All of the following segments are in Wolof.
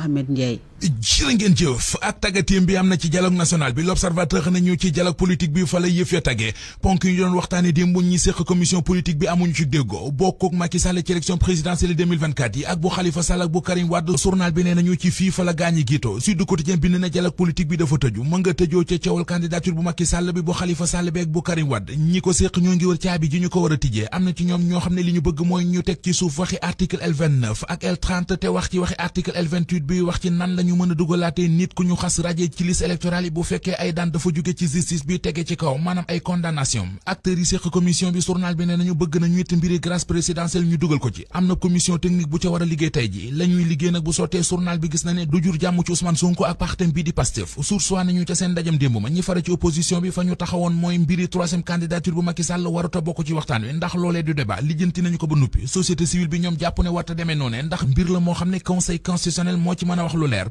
Mohamed Ndiaye jërë ngeen jëf ak tàggatim bi am na ci dialogue national bi l'observateur nañu ci dialogue politique bi fa yëf ya tagee ponk yi doon waxtaane démb ñi séq commission politique bi amuñu ci déggoo bokkook Macky Sall ci élection présidentielle yi ak bu Khalifa Sall ak bu Karim Wade journal bi nee nañu ci fii fa la gaañi giitoo Sud Quotidien bind na dialogue politique bi dafa tëju mën nga tëjoo ca coowal candidature bu Macky Sall bi bu Khalifa Sall bi ak ñoo ngi wër caabi ji ñu mën a dugalaatee nit ku ñu xas rajee ci liste électorale yi bu fekkee ay daan dafa jóge ci justice bi tege ci kaw maanaam ay condamnation acteurs yi seq commission bi journal bi ne nañu bëgg nañu it mbiri grâce présidentielle ñu dugal ko ci am na commission technique bu ca war a liggéey tey ji la ñuy liggéey nag bu sottee journal bi gis na ne du jur jàmm ci Ousmane Sonko ak partem bi di Pastef source waa nañu ca seen dajam démb ma ñi fare ci opposition bi fa ñu taxawoon mooy mbiri troisième candidature ci waxtaan wi ndax loolee du débat lijjanti nañu ko ba nuppi société bi ñoom jàpp ne warta demee noone ndax mbir la moo xam ne conseil constitutionnel moo ci mën wax lu leer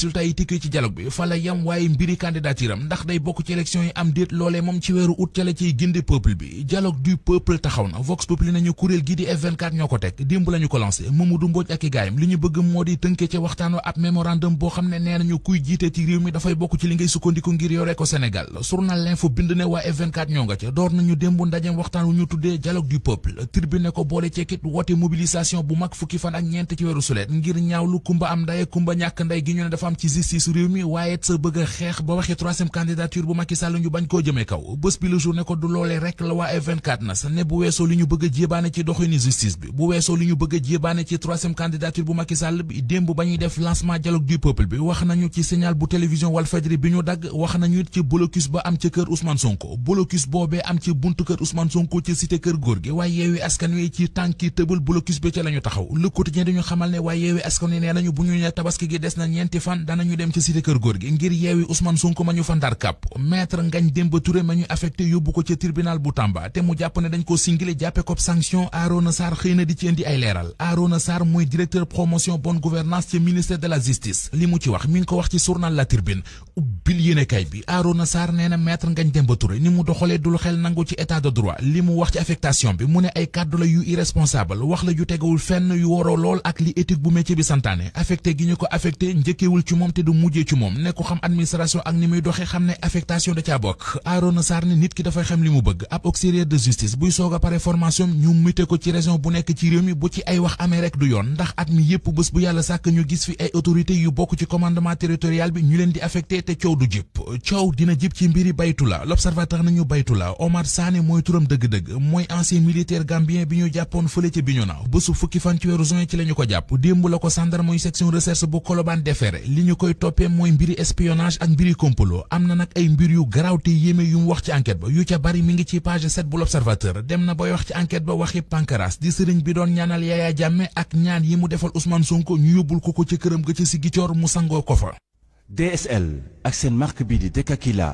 résultat yi tukkee ci dialogue bi fa la yam waaye mbiri candidature am ndax day bokk ci élection yi am déet loolee moom ci weeru août ca la ciy ginde peuple bi dialogue du peuple taxaw na vox populi nañu kuréel gi di F24 ñoo ko teg démb lañu ko lancé Mamadou Mbodj ak i gaayam li ñu bëgg moo di tënke ca waxtaan ab mémorandum boo xam ne nee nañu kuy jiite ci réew mi dafay bokk ci li ngay sukkandiku ngir yore ko Sénégal journal l'info bind bu mag fukki fan ak am ci justice réew waaye sa bëgg xeex ba waxi troisième candidature bu Macky ñu bañ koo jëmee kaw bés bi la journée ko du loolee rek la waa F24 na sa ne bu weesoo li ñu bëgg jéebaane ci doxinu justice bi bu weesoo li ñu bëgg jéebaane ci troisième candidature bu Macky Sall démb ba def lancement dialogue du peuple bi wax nañu ci signal bu télévision Walfadjri bi ñu dagg wax nañu ci blocus ba am ca kër Ousmane Sonko blocus boobee am ci buntu naan danañu dem ci cité kër góor gi ngir yeewi Ousmane Sonko ma ñu fa ndar kàpp maître Ngagne Demba Touré ma ñu affecté yóbbu ko ca tribunal bu Tamba te mu jàpp ne dañ ko singilé jàppe ko sanction Arona Sarr xëy na di ci indi ay leeral Arona saar mooy directeur promotion bonne gouvernance ci ministère de la justice li mu ci wax mi ngi ko wax ci journal La Tribune ubbil yéenekaay bi Arouna Sarr nee na maître Ngagne Demba ni mu doxalee dul xel nangu ci état de droit li mu wax ci affectation bi mu ne ay kàddu la yu irresponsable wax la yu tegawul fenn yu waroo lool ak li éthique bu métier bi santaane affecté gi ci moom te xam administration ak ni muy doxee xam ne affectation da caa bokk Arouna Sarr nit ki dafay xam li mu bëgg ab auxiliaire de justice buy soog a pare formation ñu mute ko ci région bu nekk ci réew mi bu ci ay wax amee rek du yoon ndax at mi yépp bés bu yàlla sàkk ñu gis fi ay autorité yu bokk bi coow du dina jëpp ci mbiri Baytula l'observateur nañu Baytula Omar Sané mooy turam dëgg-dëgg mooy ancien militaire gambien bi ñu jàppoon fële ca Bignona bésu fukki fan ci weeru juin ci la ko jàpp démb la ko sandarma yu section recherche bu Colobane defere li ñu koy toppee mooy mbiri espionnage ak mbiri complot am na nag ay mbir yu garaaw te yéeme yu mu wax ci enquête ba yu ca bari mi ngi ci page 7 bu l'observateur dem na bay wax ci enquête ba waxi Pancras DSL ak seen marque bii di Dekakila